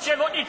przewodniczący!